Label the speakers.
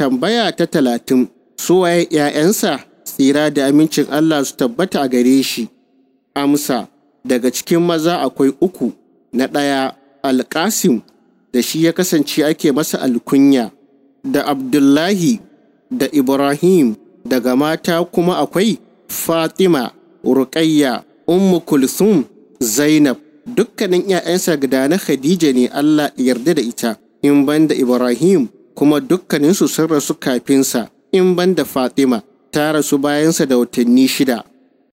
Speaker 1: Tambaya ta talatin, Su suwaye ‘ya'yansa tsira da amincin Allah su tabbata a gare shi, amsa, daga cikin maza akwai uku, na ɗaya Alƙasim da shi ya kasance ake masa alkunya, da Abdullahi, da Ibrahim, daga mata kuma akwai Fatima, rukayya Ummu Kulsum, Zainab, dukkanin ‘ya'yansa gada na Khadija ne Allah yarda da ita, in banda Ibrahim. kuma dukkaninsu sun rasu kafinsa in ban da Fatima ta rasu bayansa da watanni shida